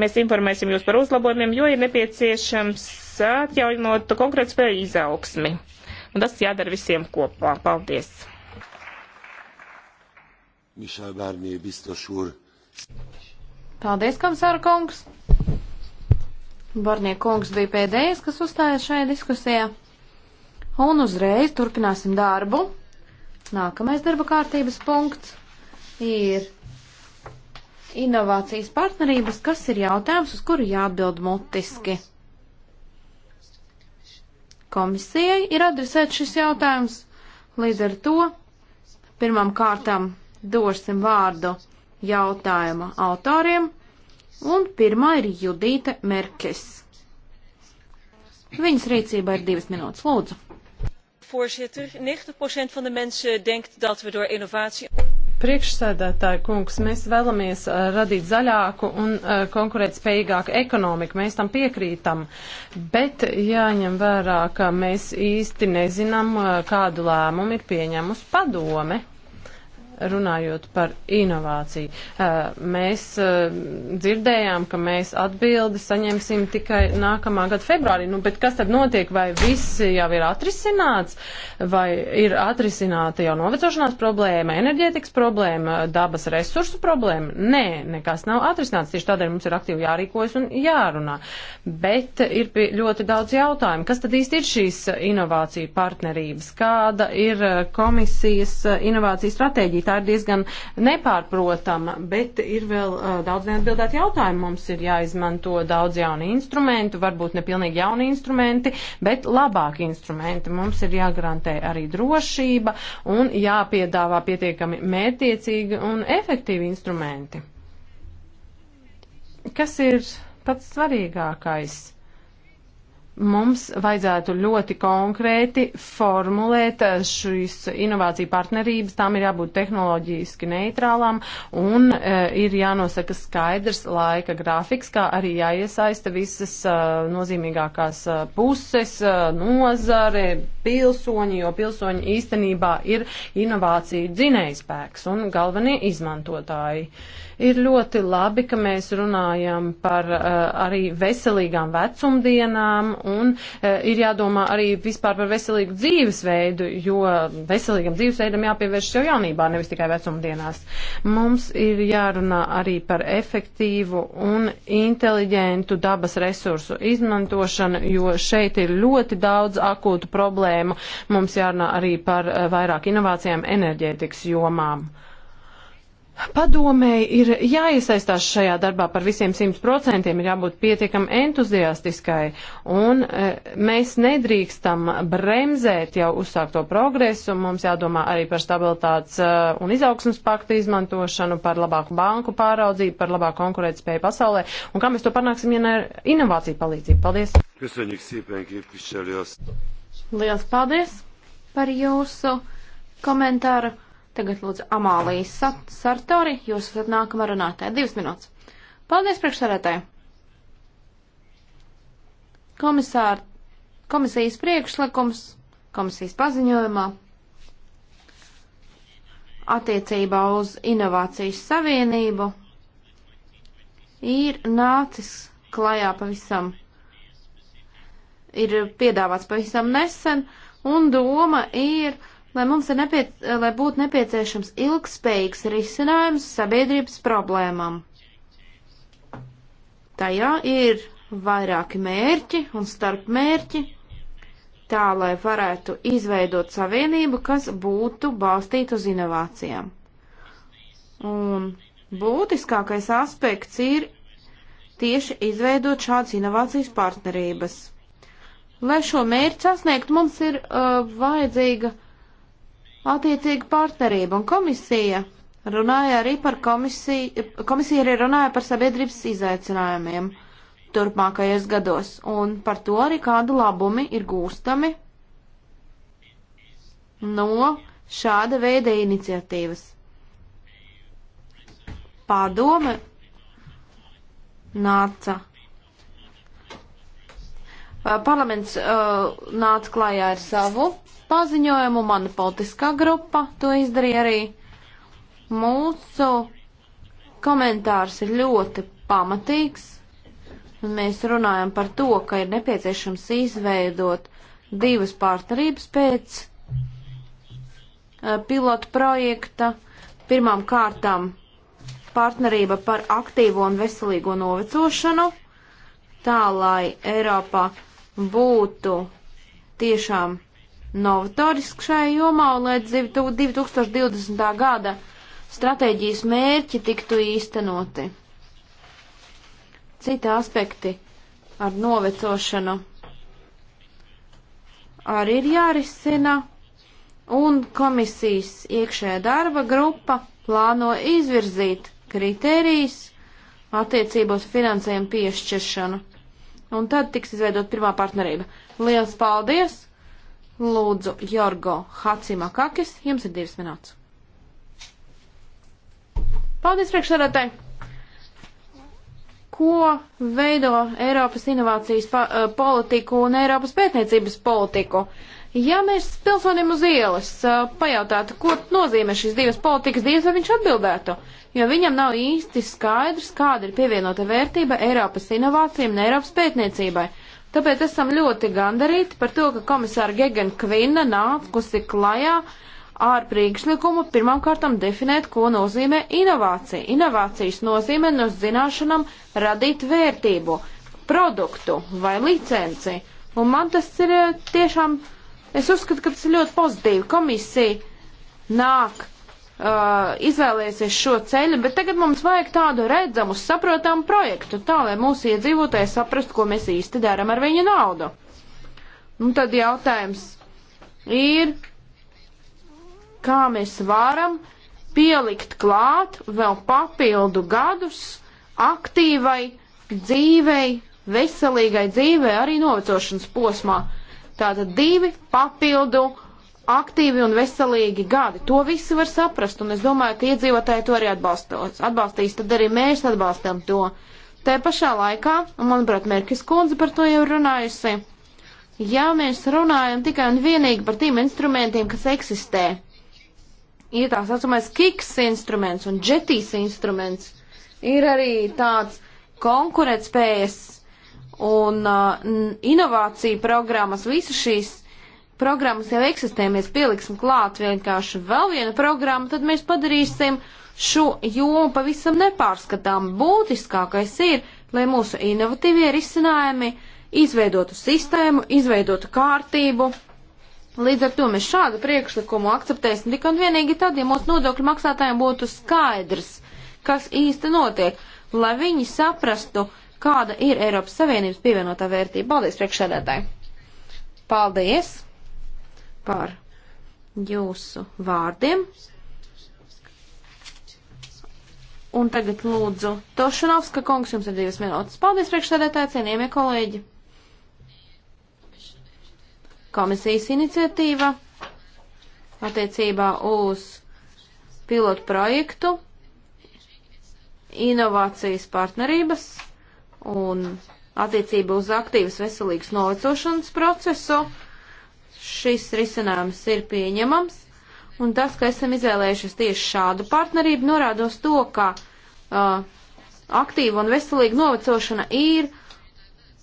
Mēs informēsim jūs par uzlabojumiem, jo ir nepieciešams atjaunot konkurētspēju izaugsmi. Un tas jādara visiem kopā. Paldies! Mišel Barnie, biztos úr. Paldies, komisāra kungs! Barnie kungs bija pēdējais, kas uzstājās šajā diskusijā. Un uzreiz turpināsim darbu. Nākamais darba kārtības punkts ir Inovācijas partnerības, kas ir jautājums, uz kuru jāatbild mutiski. Komisijai ir adresēts šis jautājums, līdz ar to pirmām kārtām dosim vārdu jautājuma autoriem, un pirmā ir Judīte Merkis. Viņas rīcībā ir divas minūtes, lūdzu. Voorzitter, 90% van de mensen denkt dat we door innovatie. Priekšsēdētāji kungs, mēs vēlamies uh, radīt zaļāku un uh, konkurētspējīgāku ekonomiku. Mēs tam piekrītam, bet jāņem vērā, ka mēs īsti nezinām, uh, kādu lēmumu ir pieņēmusi padome runājot par inovāciju. Mēs dzirdējām, ka mēs atbildi saņemsim tikai nākamā gada februārī. Nu, bet kas tad notiek? Vai viss jau ir atrisināts? Vai ir atrisināta jau novecošanās problēma, enerģētikas problēma, dabas resursu problēma? Nē, nekas nav atrisināts. Tieši tādēļ mums ir aktīvi jārīkojas un jārunā. Bet ir ļoti daudz jautājumu. Kas tad īsti ir šīs inovāciju partnerības? Kāda ir komisijas inovāciju stratēģija? tā ir diezgan nepārprotama, bet ir vēl uh, daudz neatbildēt jautājumu. Mums ir jāizmanto daudz jaunu instrumentu, varbūt ne pilnīgi jauni instrumenti, bet labāki instrumenti. Mums ir jāgarantē arī drošība un jāpiedāvā pietiekami mērtiecīgi un efektīvi instrumenti. Kas ir pats svarīgākais? mums vajadzētu ļoti konkrēti formulēt eh, šīs inovāciju partnerības, tām ir jābūt tehnoloģiski neitrālām un e, ir jānosaka skaidrs laika grafiks, kā arī jāiesaista visas e, nozīmīgākās puses, e, nozare, pilsoņi, jo pilsoņi īstenībā ir inovāciju dzinējspēks un galvenie izmantotāji. E, Ir ļoti labi, ka mēs runājam par uh, arī veselīgām vecumdienām un uh, ir jādomā arī vispār par veselīgu dzīvesveidu, jo veselīgam dzīvesveidam jāpievēršas jau jaunībā, nevis tikai vecumdienās. Mums ir jārunā arī par efektīvu un inteliģentu dabas resursu izmantošanu, jo šeit ir ļoti daudz akūtu problēmu. Mums jārunā arī par eh, vairāk inovācijām enerģētikas jomām. Padomēji ir jāiesaistās šajā darbā par visiem 100%, ir jābūt pietiekam entuziastiskai, un e, mēs nedrīkstam bremzēt jau uzsākto progresu, mums jādomā arī par stabilitātes e, un izaugsmas paktu izmantošanu, par labāku banku pāraudzību, par labāku konkurētspēju pasaulē, un kā mēs to panāksim, ja ne ar inovāciju palīdzību. Paldies! Liels paldies par jūsu komentāru! Tagad lūdzu Amālijas Sartori, jūs esat nākamā runātāja. Divas minūtes. Paldies priekšsarētāji. Komisār, komisijas priekšlikums, komisijas paziņojumā attiecībā uz inovācijas savienību ir nācis klajā pavisam, ir piedāvāts pavisam nesen, un doma ir uh, lai mums ir nepiec, lai būtu nepieciešams ilgspējīgs risinājums sabiedrības problēmām. Tajā ir vairāki mērķi un starpmērķi, tā lai varētu izveidot savienību, kas būtu balstīta uz inovācijām. Un būtiskākais aspekts ir tieši izveidot šādas inovācijas partnerības. Lai šo mērķi sasniegt, mums ir uh, vajadzīga attiecīgu partnerību, un komisija runāja arī par komisiju, komisija arī runāja par sabiedrības izaicinājumiem turpmākajos gados, un par to arī kādu labumi ir gūstami no šāda veida iniciatīvas. Pārdome nāca Parlaments uh, nāca klājā ar savu paziņojumu, mana politiskā grupa to izdarīja arī. Mūsu komentārs ir ļoti pamatīgs, un mēs runājam par to, ka ir nepieciešams izveidot divas partnerības pēc uh, pilotu projekta. Pirmām kārtām partnerība par aktīvo un veselīgo novecošanu, tā lai Eiropā būtu tiešām novatorisks šajā jomā un lai 2020. gada stratēģijas mērķi tiktu īstenoti. Citi aspekti ar novecošanu arī ir jārisina, un komisijas iekšējā darba grupa plāno izvirzīt kritērijas attiecībos finansējumu piešķiršanu un tad tiks izveidot pirmā partnerība. Liels paldies! Lūdzu, Jorgo Hacimakakis, jums ir divas minūtes. Paldies, priekšsēdētāji! Ko veido Eiropas inovācijas eh, politiku un Eiropas pētniecības politiku? Uh, Ja mēs pilsonim uz ielas uh, pajautātu, ko nozīmē šīs divas politikas dienas, vai viņš atbildētu, jo viņam nav īsti skaidrs, kāda ir pievienota vērtība Eiropas inovācijām un Eiropas pētniecībai. Tāpēc esam ļoti gandarīti par to, ka komisāra Gegena Kvinna nākusi klajā ar priekšlikumu pirmām kārtām definēt, ko nozīmē inovācija. Inovācijas nozīmē no zināšanām radīt vērtību, produktu vai licenci. Un man tas ir tiešām Es uzskatu, ka tas ir ļoti pozitīvi. Komisija nāk, uh, izvēlēsies šo ceļu, bet tagad mums vajag tādu redzamu, saprotamu projektu, tā lai mūsu iedzīvotāji saprastu, ko mēs īsti darām ar viņu naudu. Nu, tad jautājums ir, kā mēs varam pielikt klāt vēl papildu gadus aktīvai dzīvei, veselīgai dzīvei arī novecošanas posmā. Tātad divi papildu aktīvi un veselīgi gadi. To visi var saprast, un es domāju, ka iedzīvotāji to arī atbalstos. atbalstīs. Tad arī mēs atbalstam to. Tā pašā laikā, un manuprāt, Merkis kundze par to jau runājusi, ja mēs runājam tikai un vienīgi par tiem instrumentiem, kas eksistē, ir tā saucamais kiks instruments un džetīs instruments, ir arī tāds konkurētspējas un uh, inovāciju programmas, visas šīs programmas jau eksistē, mēs pieliksim klāt vienkārši vēl vienu programmu, tad mēs padarīsim šo jomu pavisam nepārskatām. Būtiskākais ir, lai mūsu inovatīvie risinājumi izveidotu sistēmu, izveidotu kārtību. Līdz ar to mēs šādu priekšlikumu akceptēsim tikai un vienīgi tad, ja mūsu nodokļu maksātājiem būtu skaidrs, kas īsti notiek, lai viņi saprastu, uh, kāda ir Eiropas Savienības pievienotā vērtība. Paldies, priekšsēdētāji! Paldies par jūsu vārdiem! Un tagad lūdzu Tošanovska kungs, jums ir divas minūtes. Paldies, priekšsēdētāji, cienījamie kolēģi. Komisijas iniciatīva attiecībā uz pilotu projektu inovācijas partnerības un attiecību uz aktīvas veselīgas novecošanas procesu. Šis risinājums ir pieņemams, un tas, ka esam izvēlējušies tieši šādu partnerību, norādos to, ka uh, aktīva un veselīga novecošana ir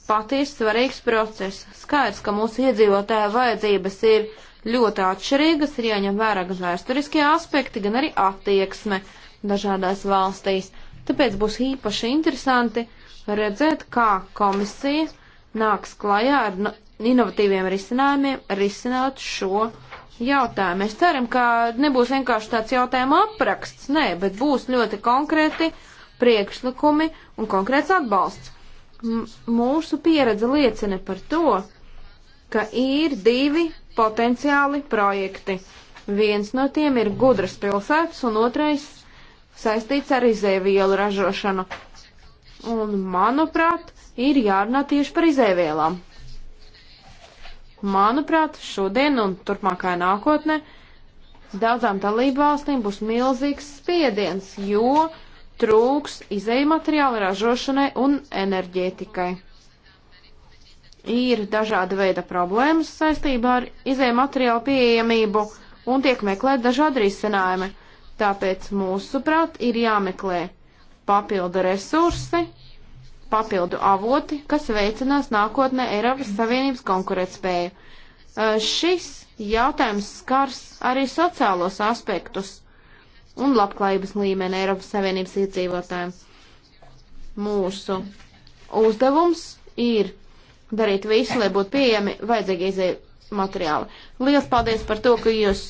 patiesi svarīgs process. Skaidrs, ka mūsu iedzīvotāja vajadzības ir ļoti atšķirīgas, ir jāņem vērā gan vēsturiskie aspekti, gan arī attieksme dažādās valstīs. Tāpēc būs īpaši interesanti uh, redzēt, kā komisija nāks klajā ar inovatīviem risinājumiem risināt šo jautājumu. Mēs ceram, ka nebūs vienkārši tāds jautājuma apraksts, nē, bet būs ļoti konkrēti priekšlikumi un konkrēts atbalsts. M mūsu pieredze liecina par to, ka ir divi potenciāli projekti. Viens no tiem ir gudras pilsētas, un otrais saistīts ar izēvielu ražošanu. Un, manuprāt, ir jārunā tieši par izēvielām. Manuprāt, šodien un turpmākajā nākotnē daudzām dalību valstīm būs milzīgs spiediens, jo trūks izēju materiālu ražošanai un enerģētikai. Ir dažāda veida problēmas saistībā ar izēju materiālu pieejamību un tiek meklēt dažādi risinājumi. Tāpēc mūsuprāt ir jāmeklē papildu resursi, papildu avoti, kas veicinās nākotnē Eiropas Savienības konkurētspēju. Uh, šis jautājums skars arī sociālos aspektus un labklājības līmeni Eiropas Savienības iedzīvotājiem. Mūsu uzdevums ir darīt visu, lai būtu pieejami vajadzīgi izēju materiāli. Lielas paldies par to, ka jūs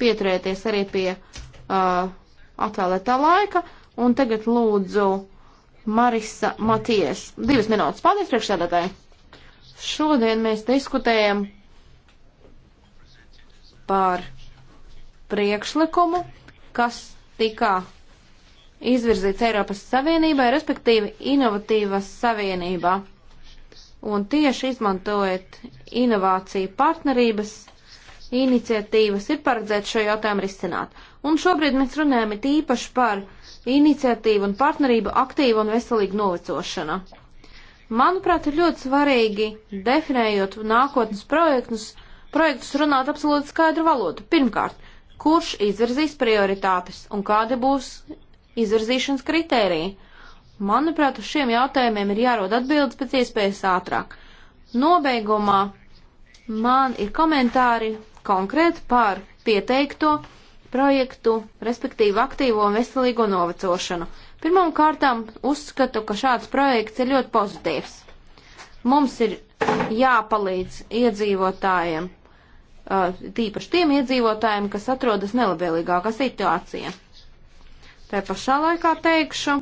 pieturēties arī pie uh, atvēlētā laika. Un tagad lūdzu Marisa Maties. Divas minūtes. Paldies priekšsēdētāji. Šodien mēs diskutējam par priekšlikumu, kas tika izvirzīts Eiropas Savienībai, respektīvi inovatīvas savienībā. Un tieši izmantojot inovāciju partnerības iniciatīvas ir paredzēts šo jautājumu risināt. Un šobrīd mēs runājam it īpaši par iniciatīva un partnerība aktīva un veselīga novecošana. Manuprāt, ir ļoti svarīgi, definējot nākotnes projektus, projektus runāt absolūti skaidru valodu. Pirmkārt, kurš izvirzīs prioritātes un kādi būs izvirzīšanas kritēriji? Manuprāt, uz šiem jautājumiem ir jārod atbildes pēc iespējas ātrāk. Nobeigumā man ir komentāri konkrēti par pieteikto projektu, respektīvi aktīvo un veselīgo novecošanu. Pirmām kārtām uzskatu, ka šāds projekts ir ļoti pozitīvs. Mums ir jāpalīdz iedzīvotājiem, uh, tīpaši tiem iedzīvotājiem, kas atrodas nelabvēlīgākā situācijā. Tā pašā laikā teikšu,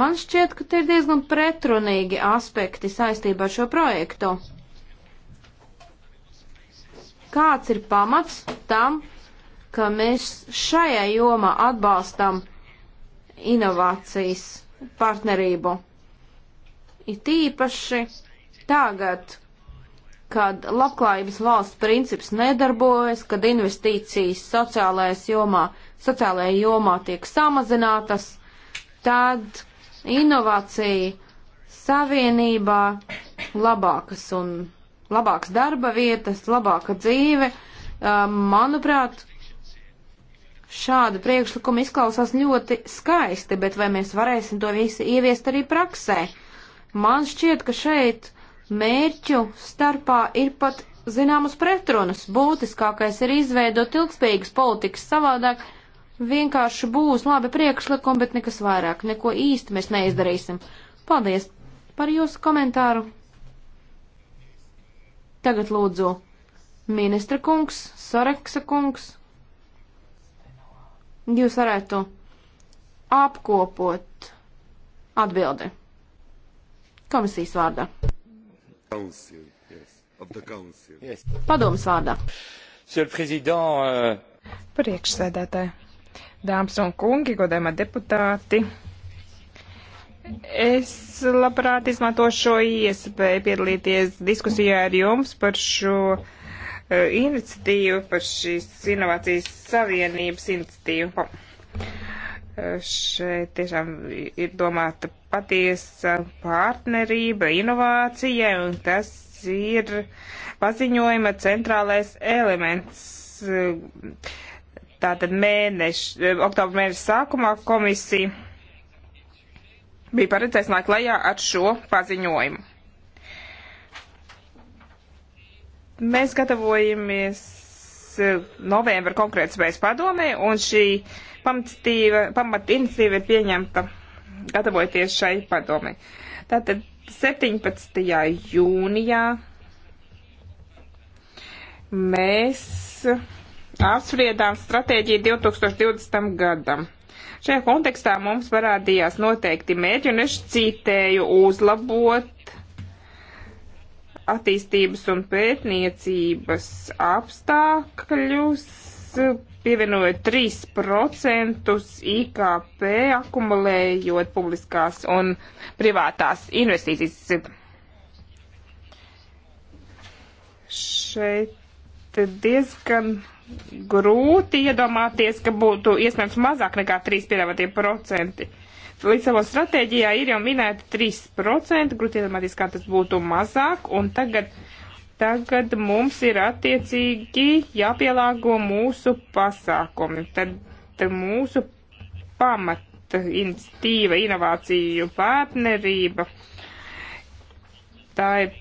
man šķiet, ka te ir diezgan pretrunīgi aspekti saistībā ar šo projektu. Kāds ir pamats tam, ka mēs šajā jomā atbalstam inovācijas partnerību. It īpaši tagad, kad labklājības valsts princips nedarbojas, kad investīcijas sociālajās jomā, sociālajā jomā tiek samazinātas, tad inovācija savienībā labākas un labākas darba vietas, labāka dzīve, um, manuprāt, Šādi priekšlikumi izklausās ļoti skaisti, bet vai mēs varēsim to visu ieviest arī praksē? Man šķiet, ka šeit mērķu starpā ir pat zināmas pretrunas. Būtiskākais ir izveidot ilgspējīgas politikas savādāk. Vienkārši būs labi priekšlikumi, bet nekas vairāk, neko īsti mēs neizdarīsim. Paldies par jūsu komentāru. Tagad lūdzu ministra kungs, Soreksa kungs jūs varētu apkopot atbildi komisijas vārdā. Council, yes, yes. Padomas vārdā. Uh... Priekšsēdētāji, dāmas un kungi, godējumā deputāti. Es labprāt izmantošu šo iespēju piedalīties diskusijā ar jums par šo uh, Eh, iniciatīvu, par šīs inovācijas savienības iniciatīvu. Eh, šeit tiešām ir domāta patiesa partnerība inovācijai, un tas ir paziņojuma centrālais elements. Eh, tātad mēneš, oktobra mēneša sākumā komisija bija paredzējusi nākt klajā ar šo paziņojumu. Mēs gatavojamies eh, novembra konkrētas spējas padomē, un šī pamatiniciatīva ir pieņemta gatavojoties šai padomē. Tātad 17. jūnijā mēs apspriedām stratēģiju 2020. gadam. Šajā kontekstā mums parādījās noteikti mērķi, un es citēju uzlabot attīstības un pētniecības apstākļus, pievienojot 3% IKP, akumulējot publiskās un privātās investīcijas. Šeit diezgan grūti iedomāties, ka būtu iespējams mazāk nekā 3% piedāvātie procenti. Uh, Lisabons stratēģijā ir jau minēta 3%, grūti iedomāties, kā tas būtu mazāk, un tagad, tagad mums ir attiecīgi jāpielāgo mūsu pasākumi. Tad mūsu pamata iniciatīva, inovāciju partnerība, tā ir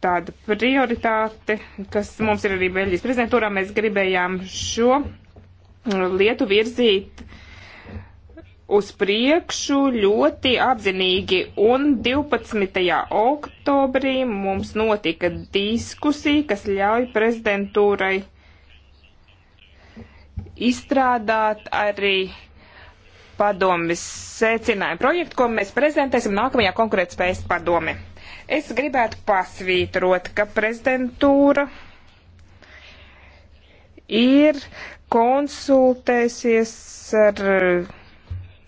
tāda prioritāte, kas mums ir arī Beļģijas prezidentūrā. Mēs gribējām šo lietu virzīt uh, uz priekšu ļoti apzinīgi, un 12. oktobrī mums notika diskusija, kas ļauj prezidentūrai izstrādāt arī padomis secinājumu projektu, ko mēs prezentēsim nākamajā konkurētspējas padome. Es gribētu pasvītrot, ka prezidentūra ir konsultēsies ar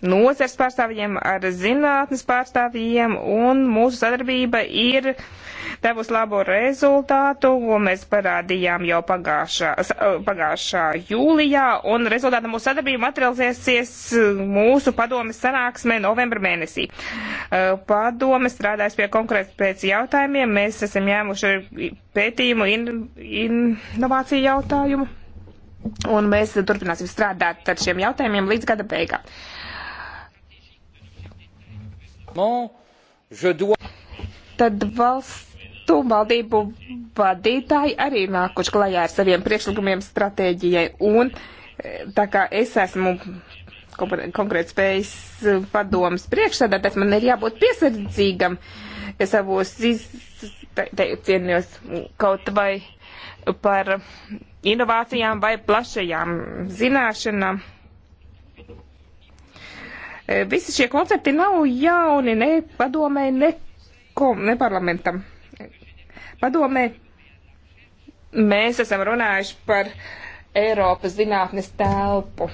nozars pārstāvjiem, ar zinātnes pārstāvjiem, un mūsu sadarbība ir devus labu rezultātu, ko mēs parādījām jau pagājušā, pagājušā jūlijā, un rezultātā mūsu sadarbība materializēsies mūsu padomes sanāksmē novembra mēnesī. Padome strādājas pie konkrēti pēc jautājumiem, mēs esam ņēmuši pētījumu in, inovāciju jautājumu. Un mēs turpināsim strādāt ar šiem jautājumiem līdz gada beigām. Tad valstu valdību vadītāji arī nākuši klajā ar saviem priekšlikumiem stratēģijai. Un e, tā kā es esmu konkrēti spējas e, padomas priekšsēdētājs, man ir jābūt piesardzīgam e, savos izteicienos kaut vai par inovācijām vai plašajām zināšanām. E, visi šie koncepti nav jauni ne padomē, ne, kom, ne parlamentam. Padomē mēs esam runājuši par Eiropas zinātnes telpu.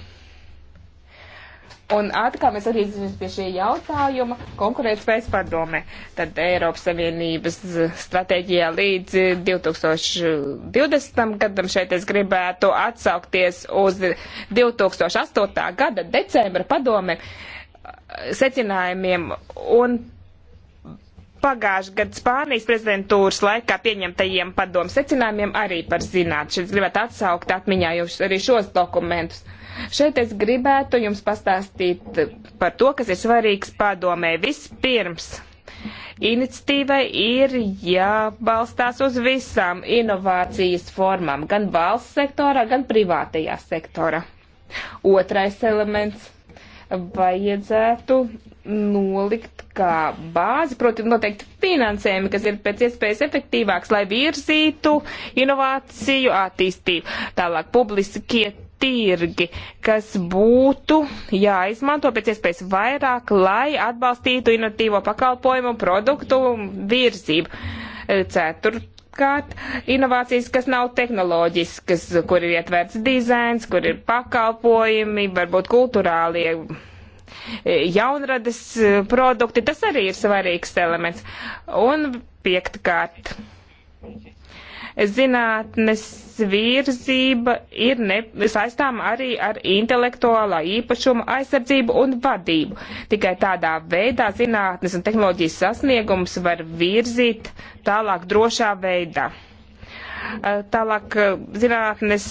Un atkal mēs atgriezīsimies pie šī jautājuma konkurētspējas padomē. Tad Eiropas Savienības stratēģijā līdz 2020. gadam šeit es gribētu atsaukties uz 2008. gada decembra padomē. Uh, secinājumiem un pagājušā gada Spānijas prezidentūras laikā pieņemtajiem padomu secinājumiem arī par zinātnē. Šeit gribētu atsaukt atmiņā jūs arī šos dokumentus. Šeit es gribētu jums pastāstīt par to, kas ir svarīgs padomē. Vispirms, iniciatīvai ir jābalstās uz visām inovācijas formām, gan valsts sektorā, gan privātajā sektorā. Otrais elements vajadzētu nolikt kā bāzi, proti noteikti finansējumi, kas ir pēc iespējas efektīvāks, lai virzītu inovāciju attīstību. Tālāk publiskie tirgi, kas būtu jāizmanto pēc iespējas vairāk, lai atbalstītu inovatīvo pakalpojumu produktu virzību. Ceturt, Otrkārt, inovācijas, kas nav tehnoloģiskas, kur ir ietverts dizains, kur ir pakalpojumi, varbūt kultūrālie e, jaunradas e, produkti, tas arī ir svarīgs elements. Un piektkārt, zinātnes virzība ir ne, saistām arī ar intelektuālā īpašuma aizsardzību un vadību. Tikai tādā veidā zinātnes un tehnoloģijas sasniegums var virzīt tālāk drošā veidā. Tālāk zinātnes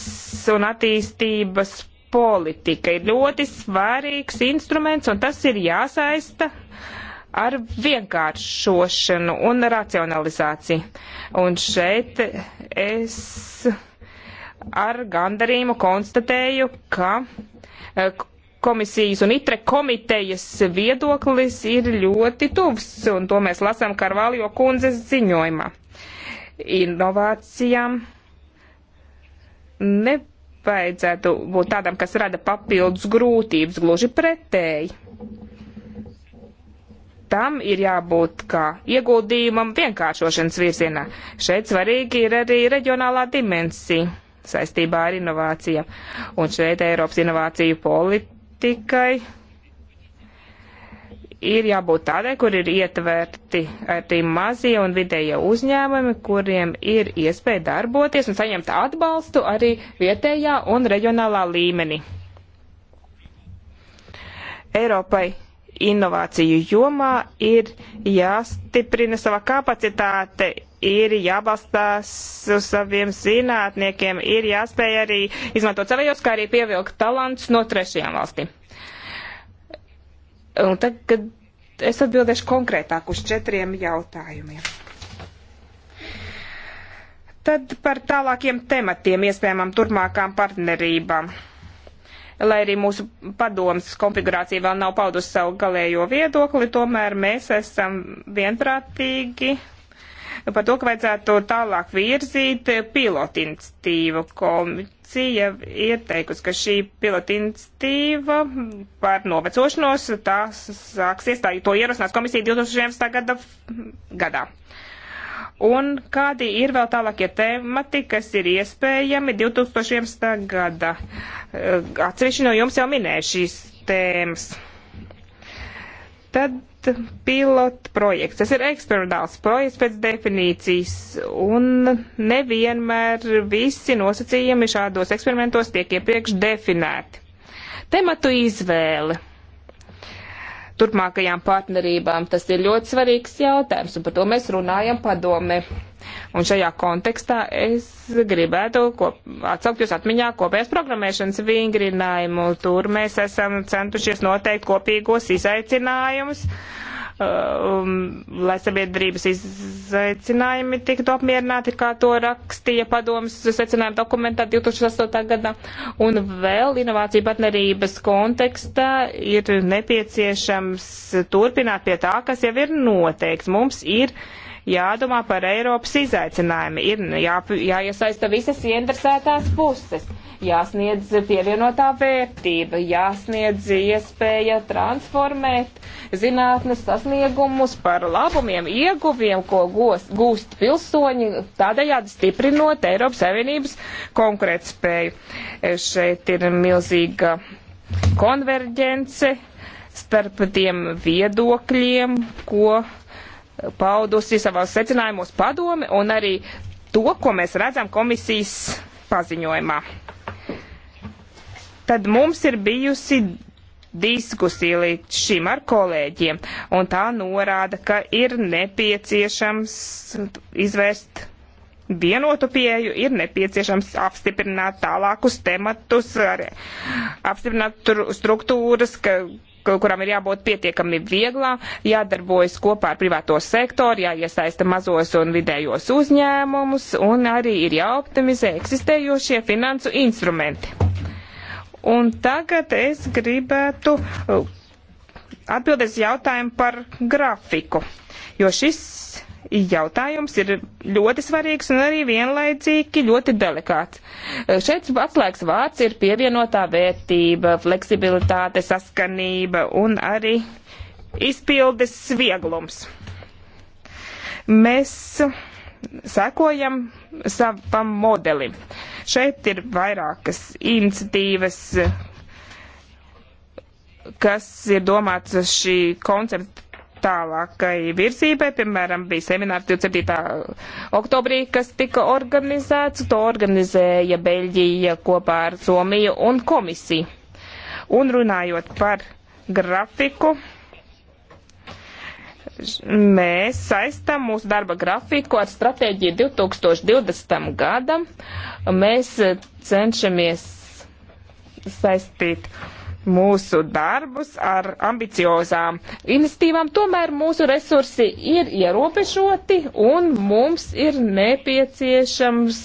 un attīstības politika ir ļoti svarīgs instruments, un tas ir jāsaista ar vienkāršošanu un racionalizāciju. Un šeit es ar gandarījumu konstatēju, ka e, komisijas un itre komitejas viedoklis ir ļoti tuvs, un to mēs lasām Karvaljo kundzes ziņojumā. Inovācijām nevajadzētu būt tādam, kas rada papildus grūtības, gluži pretēji tam ir jābūt kā ieguldījumam vienkāršošanas virzienā. Šeit svarīgi ir arī reģionālā dimensija saistībā ar inovācijām. Un šeit Eiropas inovāciju politikai ir jābūt tādai, kur ir ietverti arī mazie un vidējie uzņēmumi, kuriem ir iespēja darboties un saņemt atbalstu arī vietējā un reģionālā līmenī. Eiropai inovāciju jomā ir jāstiprina sava kapacitāte, ir jābalstās uz saviem zinātniekiem, ir jāspēj arī izmantot savējos, kā arī pievilkt talants no trešajām valstīm. Un tagad es atbildēšu konkrētāk uz četriem jautājumiem. Tad par tālākiem tematiem, iespējamām turpmākām partnerībām lai arī mūsu padomas konfigurācija vēl nav paudusi savu galējo viedokli, tomēr mēs esam vienprātīgi par to, ka vajadzētu tālāk virzīt pilotinstitīvu. Komisija ir teikusi, ka šī pilotinstitīva par novecošanos tās sāksies, tā to ierosinās komisija 2011. gada gadā. Un kādi ir vēl tālākie temati, kas ir iespējami 2011. gada? Eh, atsevišķi no jums jau minēja šīs tēmas. Tad pilot projekts. Tas ir eksperimentāls projekts pēc definīcijas, un nevienmēr visi nosacījumi šādos eksperimentos tiek iepriekš definēti. Tematu izvēle turpmākajām partnerībām. Tas ir ļoti svarīgs jautājums, un par to mēs runājam padome. Un šajā kontekstā es gribētu kop, atsaukt jūs atmiņā kopējās programmēšanas vingrinājumu. Tur mēs esam centušies noteikt kopīgos izaicinājumus. Uh, Uh, um, lai sabiedrības izaicinājumi tiktu apmierināti, kā to rakstīja padomas secinājuma dokumentā 2008. gadā. Un vēl inovācija partnerības kontekstā ir nepieciešams turpināt pie tā, kas jau ir noteikts. Mums ir uh, jādomā par Eiropas izaicinājumiem, ir jā, jāiesaista visas ieinteresētās puses, jāsniedz pievienotā vērtība, jāsniedz iespēja transformēt zinātnes sasniegumus par labumiem, ieguviem, ko gos, gūst pilsoņi, tādējādi stiprinot Eiropas Savienības konkurētspēju. Šeit ir milzīga konverģence starp tiem viedokļiem, ko paudusi savos secinājumos padome un arī to, ko mēs redzam komisijas paziņojumā. Tad mums ir bijusi diskusija līdz šim ar kolēģiem, un tā norāda, ka ir nepieciešams izvērst vienotu pieju, ir nepieciešams apstiprināt tālākus tematus, ar, apstiprināt struktūras, ka, kurām ir jābūt pietiekami vieglām, jādarbojas kopā ar privāto sektoru, jāiesaista mazos un vidējos uzņēmumus un arī ir jāoptimizē eksistējošie finansu instrumenti. Un tagad es gribētu uh, atbildēt jautājumu par grafiku, jo šis jautājums ir ļoti svarīgs un arī vienlaicīgi ļoti delikāts. Eh, šeit atslēgs vārds ir pievienotā vērtība, fleksibilitāte, saskanība un arī izpildes vieglums. Mēs sekojam savam modelim. Šeit ir vairākas iniciatīvas, kas ir domāts šī koncepta tālākai virzībai. Piemēram, bija seminārs 27. oktobrī, kas tika organizēts. To organizēja Beļģija kopā ar Somiju un komisiju. Un runājot par grafiku, mēs saistām mūsu darba grafiku ar stratēģiju 2020. gadam. Mēs cenšamies saistīt uh, mūsu darbus ar ambiciozām iniciatīvām, tomēr mūsu resursi ir ierobežoti un mums ir nepieciešams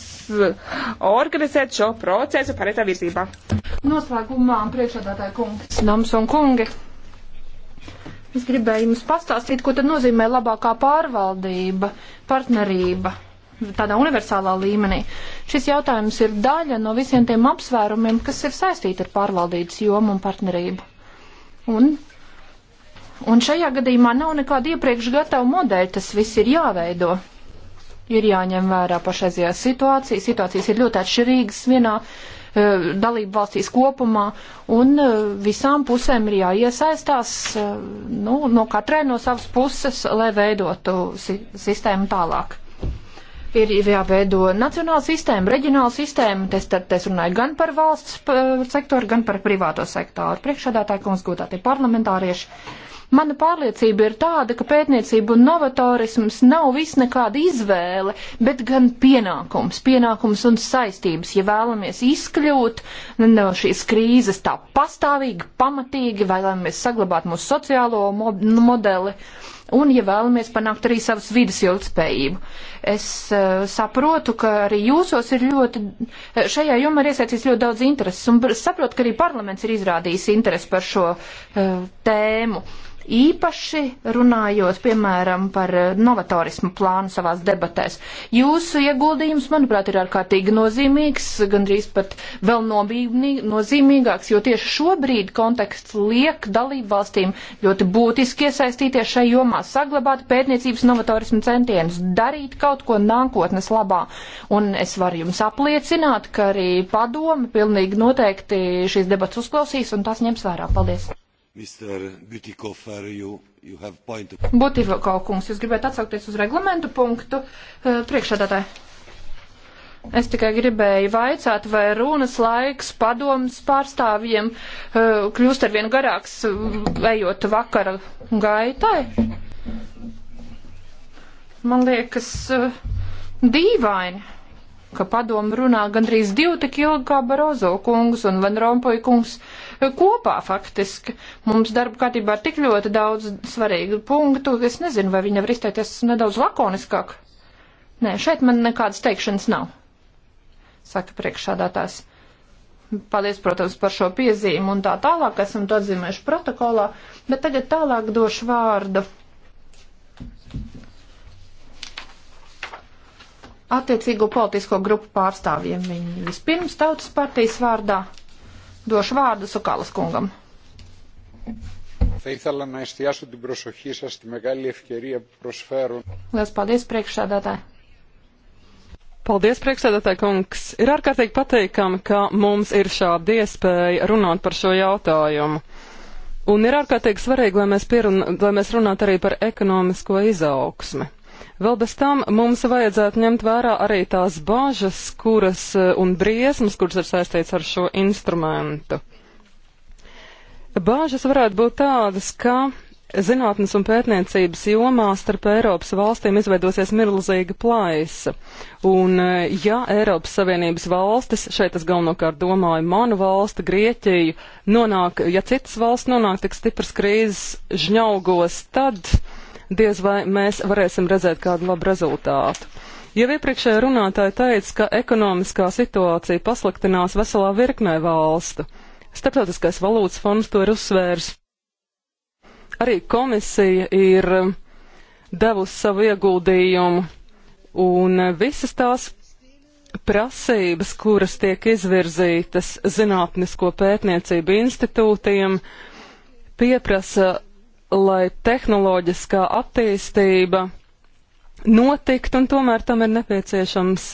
organizēt šo procesu pareizā virzībā. Noslēgumā priekšādātāja kungs. Nams un kungi. Es gribēju jums pastāstīt, ko tad nozīmē labākā pārvaldība, partnerība tādā universālā līmenī. Šis jautājums ir daļa no visiem tiem apsvērumiem, kas ir saistīti ar pārvaldības jomu un partnerību. Un, un šajā gadījumā nav nekāda iepriekš gatava modeļa, tas viss ir jāveido. Ir jāņem vērā pašreizējā situācija. Situācijas ir ļoti atšķirīgas vienā eh, dalību valstīs kopumā, un eh, visām pusēm ir jāiesaistās eh, nu, no katrai no savas puses, lai veidotu sistēmu tālāk ir jāveido nacionāla sistēma, reģionāla sistēma, es, tad, es runāju gan par valsts sektoru, gan par privāto sektoru. Priekšādātāji, kungs, godātie parlamentārieši, mana pārliecība ir tāda, ka pētniecība un novatorisms nav viss nekāda izvēle, bet gan pienākums, pienākums un saistības, ja vēlamies izkļūt nu, no šīs krīzes tā pastāvīgi, pamatīgi, vēlamies saglabāt mūsu sociālo modeli un, ja vēlamies panākt arī savas vidas ilgspējību. Es uh, saprotu, ka arī jūsos ir ļoti, eh, šajā jomā ir iesaistīts ļoti daudz intereses, un saprotu, ka arī parlaments ir izrādījis interesi par šo uh, tēmu. Uh, īpaši runājot, piemēram, par eh, novatorismu plānu savās debatēs. Jūsu ieguldījums, manuprāt, ir ārkārtīgi nozīmīgs, gandrīz pat vēl nozīmīgāks, jo tieši šobrīd konteksts liek dalību valstīm ļoti būtiski iesaistīties šai jomā, saglabāt pētniecības novatorismu centienus, darīt kaut ko nākotnes labā. Un es varu jums apliecināt, ka arī padomi pilnīgi noteikti šīs debats uzklausīs un tas ņems vērā. Paldies! Būtībā, kungs, jūs gribētu atsaukties uz reglamentu punktu eh, priekšādātāju. Es tikai gribēju vaicāt, vai runas laiks padomas pārstāvjiem eh, kļūst ar vien garāks, eh, ejot vakara gaitai. Man liekas, dīvaini ka padomu runā gandrīz divi tik ilgi kā Barozo kungs un Van Rompuy kungs kopā faktiski. Mums darba kārtībā ir tik ļoti daudz svarīgu punktu, es nezinu, vai viņa var izteikties nedaudz lakoniskāk. Nē, šeit man nekādas teikšanas nav, saka priekšādātājs. Paldies, protams, par šo piezīmu un tā tālāk, esam to atzīmējuši protokolā, bet tagad tālāk došu vārdu. Attiecīgo politisko grupu pārstāvjiem viņi vispirms tautas partijas vārdā. Došu vārdu Sukalas kungam. Lielas paldies priekšsēdētāji! Paldies, priekšsēdētāji kungs! Ir ārkārtīgi pateikami, ka mums ir šāda iespēja runāt par šo jautājumu. Un ir ārkārtīgi svarīgi, lai mēs, pierun, lai mēs runātu arī par ekonomisko izaugsmi. Vēl bez tam mums vajadzētu ņemt vērā arī tās bažas, kuras eh, un briesmas, kuras ir saistīts ar šo instrumentu. Bāžas varētu būt tādas, ka zinātnes un pētniecības jomā starp Eiropas valstīm izveidosies milzīga plaisa. Un eh, ja Eiropas Savienības valstis, šeit es galvenokārt domāju manu valsti, Grieķiju, nonāk, ja citas valsts nonāk tik stipras krīzes žņaugos, tad diez vai mēs varēsim redzēt kādu labu rezultātu. Jau iepriekšējā runātāja teica, ka ekonomiskā situācija pasliktinās veselā virknē valstu. Starptautiskais valūtas fonds to ir uzsvērs. Arī komisija ir devusi savu ieguldījumu un visas tās prasības, kuras tiek izvirzītas zinātnisko pētniecību institūtiem, pieprasa lai tehnoloģiskā attīstība notikt, un tomēr tam ir nepieciešams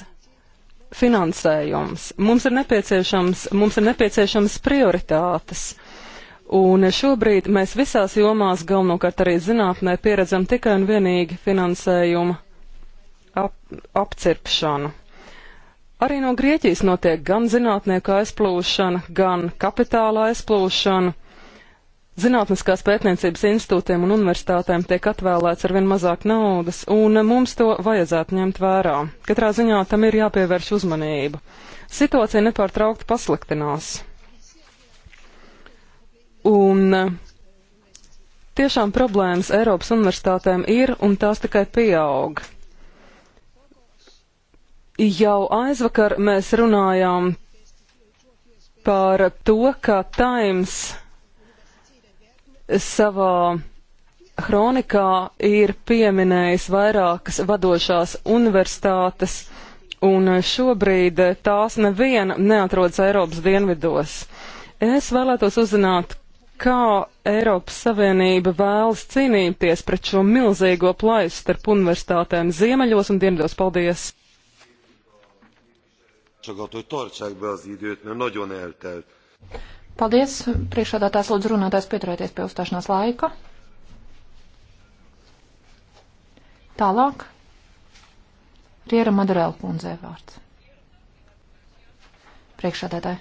finansējums. Mums ir nepieciešams, mums ir nepieciešams prioritātes. Un šobrīd mēs visās jomās, galvenokārt arī zinātnē, pieredzam tikai un vienīgi finansējumu ap, apcirpšanu. Arī no Grieķijas notiek gan zinātnieku aizplūšana, gan kapitāla aizplūšana. Zinātniskās pētniecības institūtiem un universitātēm tiek atvēlēts ar vien mazāk naudas, un mums to vajadzētu ņemt vērā. Katrā ziņā tam ir jāpievērš uzmanība. Situācija nepārtraukti pasliktinās. Un tiešām problēmas Eiropas universitātēm ir, un tās tikai pieaug. Jau aizvakar mēs runājām par to, ka Times savā kronikā ir pieminējis vairākas vadošās universitātes, un šobrīd tās neviena neatrodas Eiropas dienvidos. Es vēlētos uzzināt, kā Eiropas Savienība vēlas cīnīties pret šo milzīgo plaisu starp universitātēm ziemeļos un dienvidos. Paldies! Csak attól tartsák be az időt, mert nagyon eltelt. Paldies, priekšādātājs lūdzu runātājs pieturēties pie uzstāšanās laika. Tālāk. Riera Madarēla kundzei vārds. Priekšādātāji.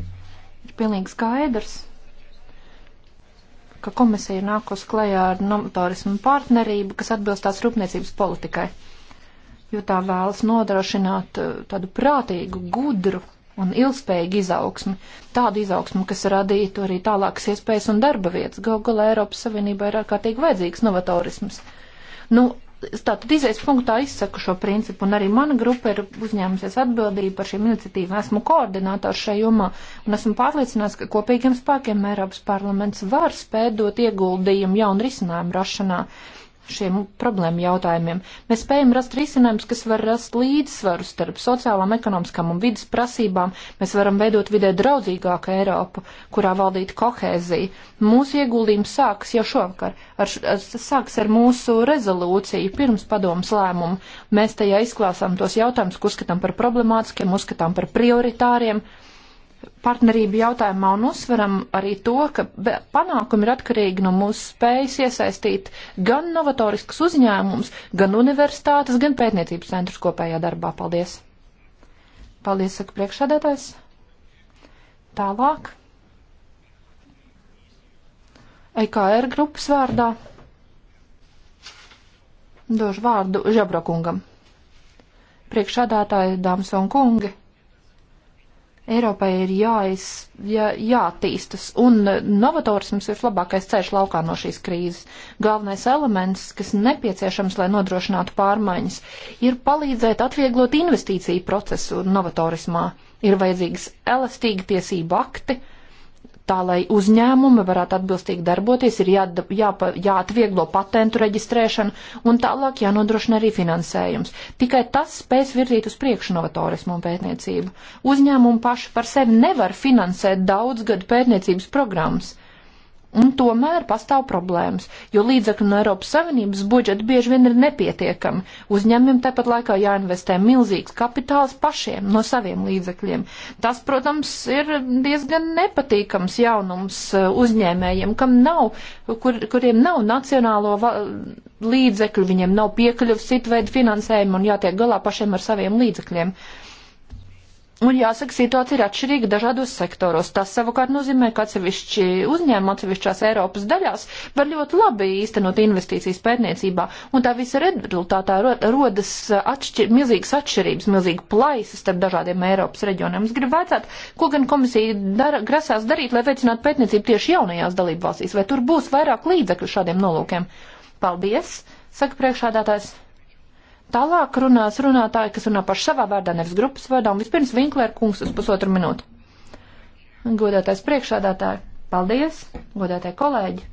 Ir pilnīgi skaidrs, ka komisija ir nākos klajā ar novatorismu partnerību, kas atbilstās rūpniecības politikai, jo tā vēlas nodrošināt eh, tādu prātīgu, gudru un ilgspējīgu izaugsmi. Tādu izaugsmu, kas radītu arī tālākas iespējas un darba vietas. Gal galā Eiropas Savienībā ir ārkārtīgi vajadzīgs novatorisms. Nu, Tātad izējas punktā izsaka šo principu, un arī mana grupa ir uzņēmusies atbildību par šīm iniciatīvām. Esmu koordinātors šajā jomā, un esmu pārliecināts, ka kopīgiem spēkiem Eiropas parlaments var spēt dot ieguldījumu jaunu risinājumu rašanā šiem problēmu jautājumiem. Mēs spējam rast risinājumus, kas var rast līdzsvaru starp sociālām, ekonomiskām un vidas prasībām. Mēs varam veidot vidē draudzīgāku Eiropu, kurā valdīt kohēzija. Mūsu ieguldījums sāks jau šovakar, ar, sāks ar mūsu rezolūciju pirms padomas lēmumu. Mēs tajā izklāsām tos jautājumus, ko uzskatām par problemātiskiem, uzskatām par prioritāriem partnerību jautājumā un uzsveram arī to, ka panākumi ir atkarīgi no mūsu spējas iesaistīt gan novatoriskas uzņēmumus, gan universitātes, gan pētniecības centrus kopējā darbā. Paldies! Paldies, saka priekšsēdētājs. Tālāk. EKR grupas vārdā. Došu vārdu Žabrakungam. Priekšādātāji, dāmas un kungi. Eiropai ir jāiz, jā, jātīstas, un e, novatorisms ir labākais ceļš laukā no šīs krīzes. Galvenais elements, kas nepieciešams, lai nodrošinātu pārmaiņas, ir palīdzēt atvieglot investīciju procesu novatorismā. Ir vajadzīgas elastīgi tiesību akti, uh, tā, lai uzņēmumi varētu atbilstīgi darboties, ir jā, jā, jāatvieglo patentu reģistrēšana un tālāk jānodrošina arī finansējums. Tikai tas spēs virzīt uz priekšu novatorismu un pētniecību. Uzņēmumi paši par sevi nevar finansēt daudzgadu pētniecības programmas. Un tomēr pastāv problēmas, jo līdzekļi no Eiropas Savienības budžeta bieži vien ir nepietiekami. Uzņēmumiem tāpat laikā jāinvestē milzīgs kapitāls pašiem no saviem līdzekļiem. Tas, protams, ir diezgan nepatīkams jaunums eh, uzņēmējiem, kam nav, kur, kuriem nav nacionālo līdzekļu, viņiem nav piekļuvs citu veidu finansējumu un jātiek galā pašiem ar saviem līdzekļiem. Un jāsaka, situācija ir atšķirīga dažādos sektoros. Tas savukārt nozīmē, ka atsevišķi uzņēmumi atsevišķās Eiropas daļās var ļoti labi īstenot investīcijas pētniecībā, un tā visa rezultātā rodas atšķir, milzīgas atšķirības, milzīga plaisa starp dažādiem Eiropas reģioniem. Es gribu vaicāt, ko gan komisija dara, grasās darīt, lai veicinātu pētniecību tieši jaunajās dalību valstīs, vai tur būs vairāk līdzekļu šādiem nolūkiem. Paldies, saka priekšādātājs. Tālāk runās runātāji, kas runā par savā vārdā, nevis grupas vārdā, un vispirms Vinklēra kungs uz pusotru minūtu. Godātais priekšādātāji, paldies, godātie kolēģi.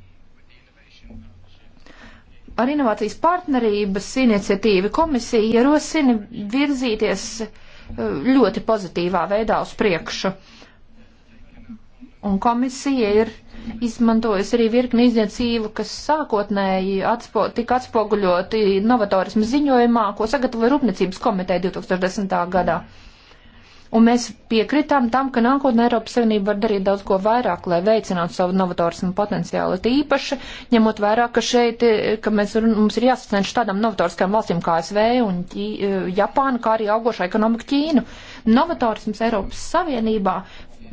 Ar inovācijas partnerības iniciatīvu komisija ierosina virzīties eh, ļoti pozitīvā veidā uz priekšu. Un komisija ir izmantojas arī virkni izniecību, kas sākotnēji atspo, tika atspoguļoti novatorismu ziņojumā, ko sagatavoja Rūpniecības komiteja 2010. gadā. Un mēs piekritām tam, ka nākotnē Eiropas Savienība var darīt daudz ko vairāk, lai veicinātu savu novatorismu potenciālu. Tīpaši, ņemot vairāk, ka šeit, ka mēs, mums ir jāsacenš tādām novatoriskām valstīm kā ASV un Ķī, Japāna, kā arī augošā ekonomika Ķīnu. Novatorisms Eiropas Savienībā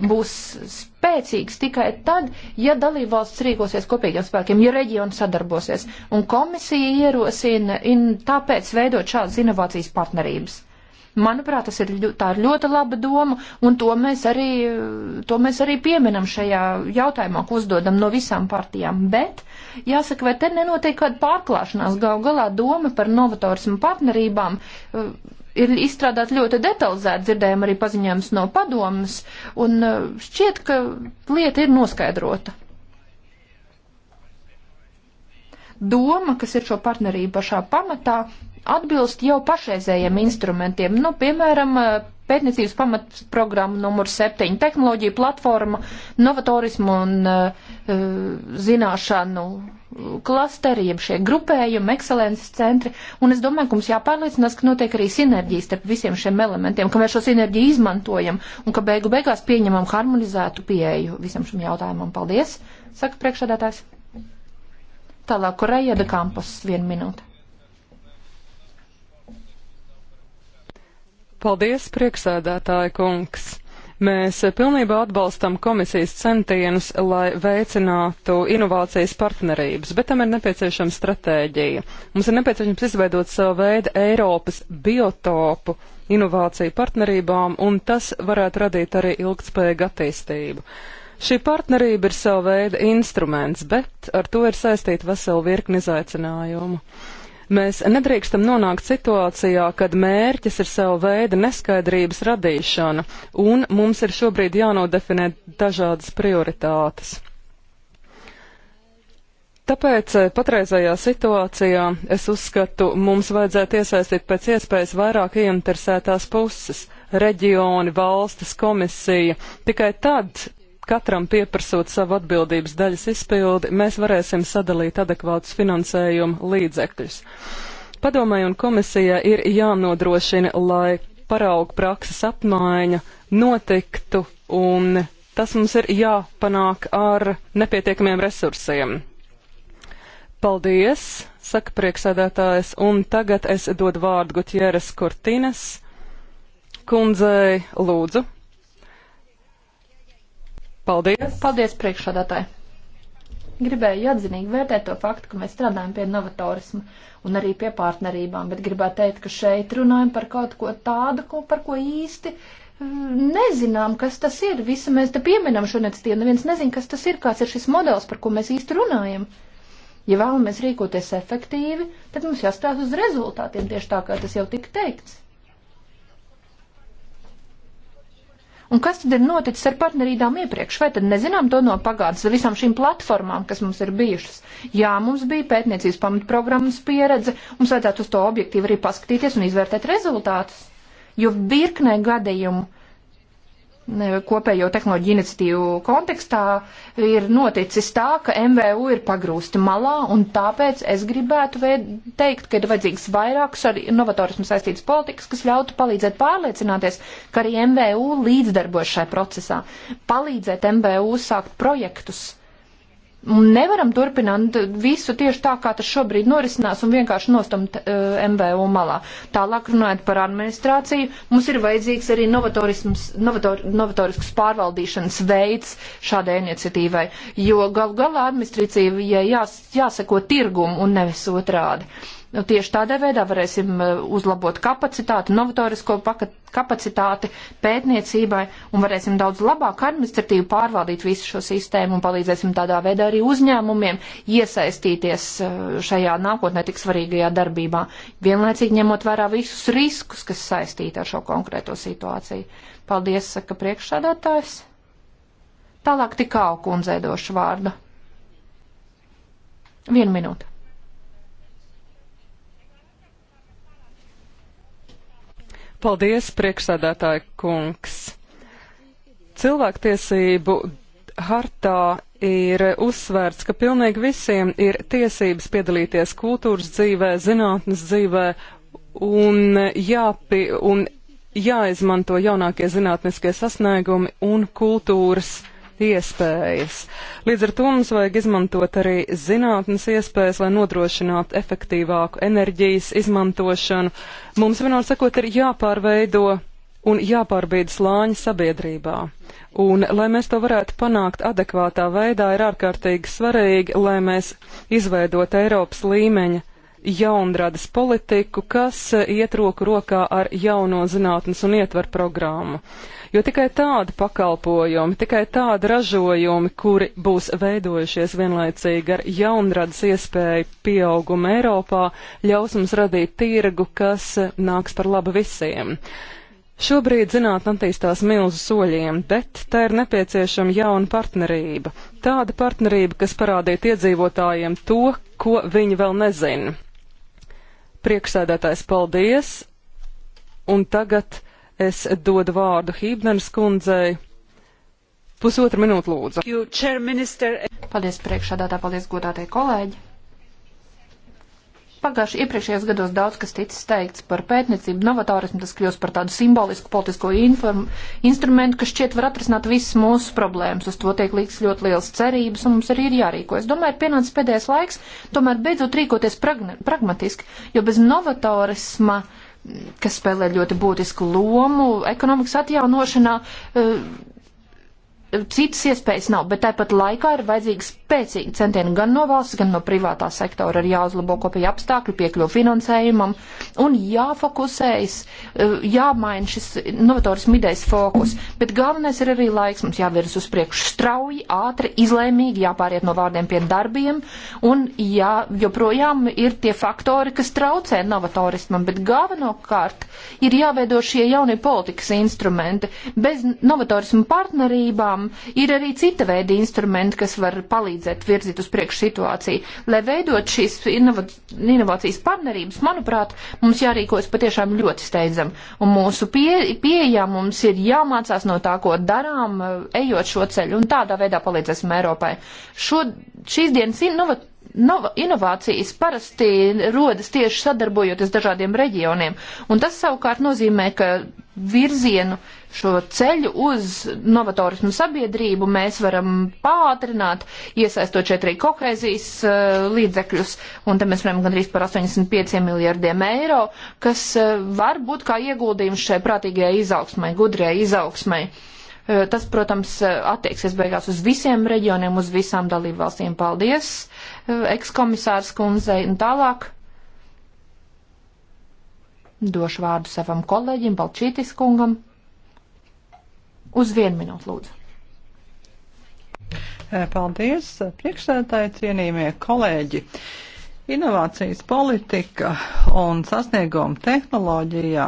būs spēcīgs tikai tad, ja dalībvalsts rīkosies kopīgiem spēkiem, ja reģioni sadarbosies. Un komisija ierosina in, tāpēc veidot šādas inovācijas partnerības. Manuprāt, tas ir, tā ir ļoti laba doma, un to mēs arī, to mēs arī pieminam šajā jautājumā, ko uzdodam no visām partijām. Bet, jāsaka, vai te nenotiek kāda pārklāšanās, gal galā doma par novatorismu partnerībām ir izstrādāti ļoti detalizēti, dzirdējām arī paziņojums no padomas, un uh, šķiet, ka lieta ir noskaidrota. Doma, kas ir šo partnerību pašā pamatā, atbilst jau pašreizējiem instrumentiem, nu, piemēram, uh, pētniecības pamatprogramma numur 7, tehnoloģija platforma, novatorismu un uh, uh zināšanu klasteri, jeb šie grupējumi, ekscelences centri, un es domāju, ka mums jāpārliecinās, ka notiek arī sinerģijas starp visiem šiem elementiem, ka mēs šo sinerģiju izmantojam un ka beigu beigās pieņemam harmonizētu pieeju visam šim jautājumam. Paldies, saka priekšādātājs. Tālāk, Koreja de Campos, viena minūte. Paldies, priekšsēdētāja kungs! Mēs pilnībā atbalstam komisijas centienus, lai veicinātu inovācijas partnerības, bet tam ir nepieciešama stratēģija. Mums ir nepieciešams izveidot savu veidu Eiropas biotopu inovāciju partnerībām, un tas varētu radīt arī ilgtspējīgu attīstību. Šī partnerība ir sava veida instruments, bet ar to ir saistīta vesela virkni izaicinājumu. Mēs nedrīkstam nonākt situācijā, kad mērķis ir sava veida neskaidrības radīšana, un mums ir šobrīd jānodefinē dažādas prioritātes. Tāpēc eh, patreizajā situācijā es uzskatu, mums vajadzētu iesaistīt pēc iespējas vairāk ieinteresētās puses - reģioni, valstis, komisija. Tikai tad katram pieprasot savu atbildības daļas izpildi, mēs varēsim sadalīt adekvātus finansējumu līdzekļus. Padomai un komisijai ir jānodrošina, lai paraugu prakses apmaiņa notiktu, un tas mums ir jāpanāk ar nepietiekamiem resursiem. Paldies, saka prieksēdētājs, un tagad es dodu vārdu Gutjeres Kortines kundzei Lūdzu. Paldies! Paldies priekšādātāji! Gribēju atzinīgi vērtēt to faktu, ka mēs strādājam pie novatorismu un arī pie partnerībām, bet gribētu teikt, ka šeit runājam par kaut ko tādu, ko, par ko īsti mm, nezinām, kas tas ir. Visi mēs te pieminam šodien, tie neviens nezin, kas tas ir, kāds ir šis modelis, par ko mēs īsti runājam. Ja vēlamies rīkoties efektīvi, tad mums jāstāsta uz rezultātiem tieši tā, kā tas jau tika teikts. Un kas tad ir noticis ar partnerībām iepriekš? Vai tad nezinām to no pagātnes, ar visām šīm platformām, kas mums ir bijušas? Jā, mums bija pētniecības pamatprogrammas pieredze, mums vajadzētu uz to objektīvi arī paskatīties un izvērtēt rezultātus. Jo virknē gadījumu kopējo tehnoloģiju iniciatīvu kontekstā ir noticis tā, ka MVU ir pagrūsti malā, un tāpēc es gribētu teikt, ka ir vajadzīgs vairākas ar novatorismu saistītas politikas, kas ļautu palīdzēt pārliecināties, ka arī MVU līdzdarbojas šai procesā, palīdzēt MVU sākt projektus Un nevaram turpināt visu tieši tā, kā tas šobrīd norisinās un vienkārši nostumt uh, eh, MVU malā. Tālāk runājot par administrāciju, mums ir vajadzīgs arī novator, novatorisks pārvaldīšanas veids šādai iniciatīvai, jo gal galā administrācija jās, jāseko tirgumu un nevis otrādi. Uh, Nu, tieši tādā veidā varēsim e, uzlabot kapacitāti, novatorisko kapacitāti pētniecībai un varēsim daudz labāk administratīvi pārvaldīt visu šo sistēmu un palīdzēsim tādā veidā arī uzņēmumiem iesaistīties e, šajā nākotnē tik svarīgajā darbībā, vienlaicīgi ņemot vērā visus riskus, kas saistīti ar šo konkrēto situāciju. Paldies, saka priekšsādātājs. Tālāk tikā kundzei došu vārdu. Vienu minūti. Paldies, priekšsēdētāji kungs. Cilvēktiesību hartā ir uzsvērts, ka pilnīgi visiem ir tiesības piedalīties kultūras dzīvē, zinātnes dzīvē un, jāpi, un jāizmanto jaunākie zinātniskie sasniegumi un kultūras iespējas. Līdz ar to mums vajag izmantot arī zinātnes iespējas, lai nodrošinātu efektīvāku enerģijas izmantošanu. Mums vienmēr sakot ir jāpārveido un jāpārbīda slāņi sabiedrībā. Un, lai mēs to varētu panākt adekvātā veidā, ir ārkārtīgi svarīgi, lai mēs izveidot Eiropas līmeņa jaundradas politiku, kas e, iet roku rokā ar jauno zinātnes un ietver programmu. Jo tikai tādi pakalpojumi, tikai tādi ražojumi, kuri būs veidojušies vienlaicīgi ar jaunradas iespēju pieaugumu Eiropā, ļaus mums radīt tirgu, kas e, nāks par labu visiem. Šobrīd zinātnē attīstās milzu soļiem, bet tā ir nepieciešama jauna partnerība. Tāda partnerība, kas parādītu iedzīvotājiem to, ko viņi vēl nezina. Prieksēdētājs, paldies! Un tagad es dodu vārdu Hībnenes kundzei. Pusotru minūtu lūdzu. Paldies priekšādātā, paldies godātai kolēģi. Pagājuši iepriekšējos gados daudz kas ticis teikts par pētniecību, novatorismu, tas kļūst par tādu simbolisku politisko inform, instrumentu, kas šķiet var atrisināt visas mūsu problēmas. Uz to tiek līdz ļoti liels cerības, un mums arī ir jārīkojas. Domāju, ir pienācis pēdējais laiks, tomēr beidzot rīkoties pragmatiski, jo bez novatorisma kas spēlē ļoti būtisku lomu ekonomikas atjaunošanā, eh, citas iespējas nav, bet tāpat laikā ir vajadzīgi spēcīgi centieni gan no valsts, gan no privātā sektora. Ir jāuzlabo kopīgi apstākļi, piekļuvu finansējumam un jāfokusējas, eh, jāmaina šis novatorismu idejas fokus. Bet galvenais ir arī laiks, mums jāvirs uz priekšu strauji, ātri, izlēmīgi, jāpāriet no vārdiem pie darbiem un jā, joprojām ir tie faktori, kas traucē novatorismam, bet galvenokārt ir jāveido šie jaunie politikas instrumenti. Bez novatorismu partnerībām tiesībām. Ir arī cita veida instrumenti, kas var palīdzēt virzīt uz priekšu situāciju. Lai veidot šīs inovācijas partnerības, manuprāt, mums jārīkojas patiešām ļoti steidzam. Un mūsu pie, pieejā mums ir jāmācās no tā, ko darām, ejot šo ceļu. Un tādā veidā palīdzēsim Eiropai. Šo, šīs dienas inovat no, inovācijas parasti rodas tieši sadarbojoties dažādiem reģioniem, un tas savukārt nozīmē, ka virzienu šo ceļu uz novatorismu sabiedrību mēs varam pātrināt, iesaistot šeit arī kohēzijas uh, līdzekļus, un te mēs runājam gandrīz par 85 miljardiem eiro, kas uh, var būt kā ieguldījums šai prātīgajai izaugsmai, gudrajai izaugsmai. Uh, Eh, tas, protams, eh, attieksies beigās uz visiem reģioniem, uz visām dalībvalstīm. Paldies, eh, ekskomisārs kundzei un tālāk. Došu vārdu savam kolēģim, Balčītis kungam. Uz vienu minūtu, lūdzu. Paldies, priekšsētāji, cienījamie kolēģi. Inovācijas politika un sasnieguma tehnoloģijā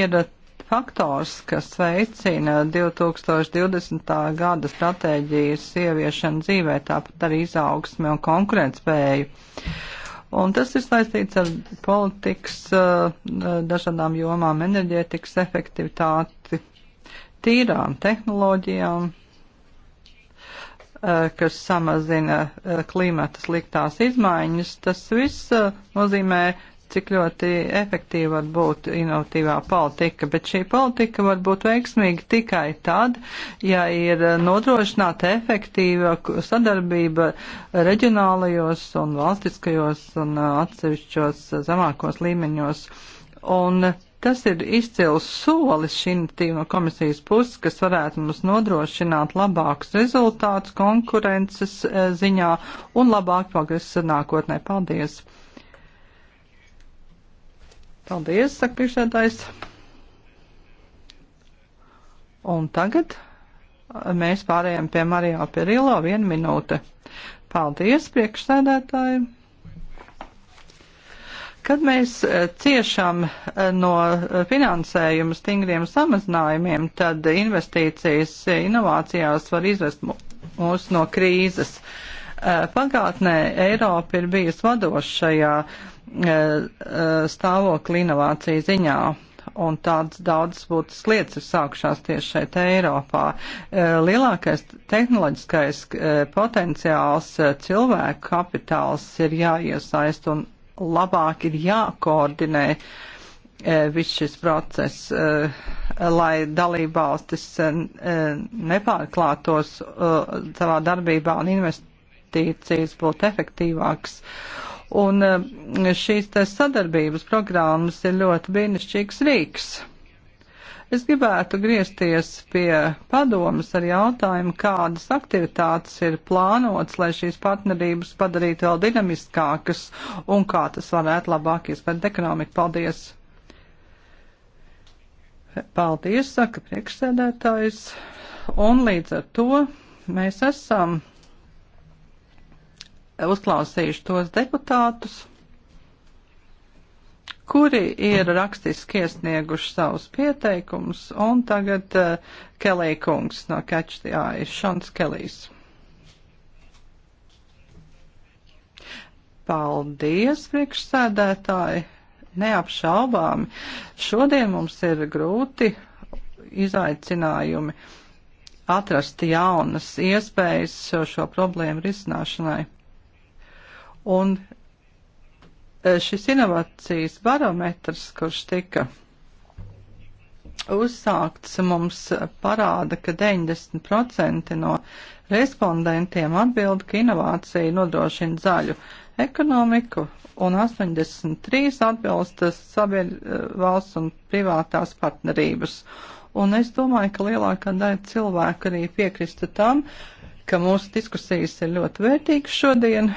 ir faktors, kas veicina 2020. gada stratēģijas ieviešanu dzīvē, tāpat arī izaugsmi un konkurētspēju. Un tas ir saistīts ar politikas uh, dažādām jomām, enerģētikas efektivitāti, tīrām tehnoloģijām, uh, kas samazina uh, klimata sliktās izmaiņas. Tas viss nozīmē cik ļoti efektīva var būt inovatīvā politika, bet šī politika var būt veiksmīga tikai tad, ja ir nodrošināta efektīva sadarbība reģionālajos un valstiskajos un atsevišķos zemākos līmeņos. Un Tas ir izcils solis šī iniciatīva no komisijas puses, kas varētu mums nodrošināt labākus rezultātus konkurences eh, ziņā un labāk progresu nākotnē. Paldies! Paldies, saka priekšsēdājs. Un tagad mēs pārējām pie Marijā Pirilo vienu minūte. Paldies, priekšsēdētāji. Kad mēs eh, ciešam eh, no eh, finansējuma stingriem samazinājumiem, tad investīcijas inovācijās var izvest mūs no krīzes. Pagātnē Eiropa ir bijusi vadošajā E, e, stāvokli inovāciju ziņā. Un tādas daudzas būtas lietas ir sākušās tieši šeit Eiropā. E, lielākais tehnoloģiskais potenciāls cilvēku kapitāls ir jāiesaist un labāk ir jākoordinē viss šis process, lai dalībvalstis nepārklātos savā darbībā un investīcijas būtu efektīvākas. Un eh, šīs sadarbības programmas ir ļoti brīnišķīgs rīks. Es gribētu griezties pie padomas ar jautājumu, kādas aktivitātes ir plānotas, lai šīs partnerības padarītu vēl dinamiskākas un kā tas varētu labāk iespēt ekonomiku. Paldies! Paldies, saka priekšsēdētājs. Un līdz ar to mēs esam uzklausījuši tos deputātus, kuri ir rakstiski iesnieguši savus pieteikumus, un tagad uh, Kelī kungs no Kečtijā ir Šons Kelijs. Paldies, priekšsēdētāji! Neapšaubāmi. Šodien mums ir grūti izaicinājumi atrast jaunas iespējas šo problēmu risināšanai. Un e, šis inovācijas barometrs, kurš tika uzsākts, mums parāda, ka 90% no respondentiem atbild, ka inovācija nodrošina zaļu ekonomiku un 83 atbilst sabied, e, valsts un privātās partnerības. Un es domāju, ka lielākā daļa cilvēku arī piekrista tam, ka mūsu diskusijas ir ļoti vērtīgas šodien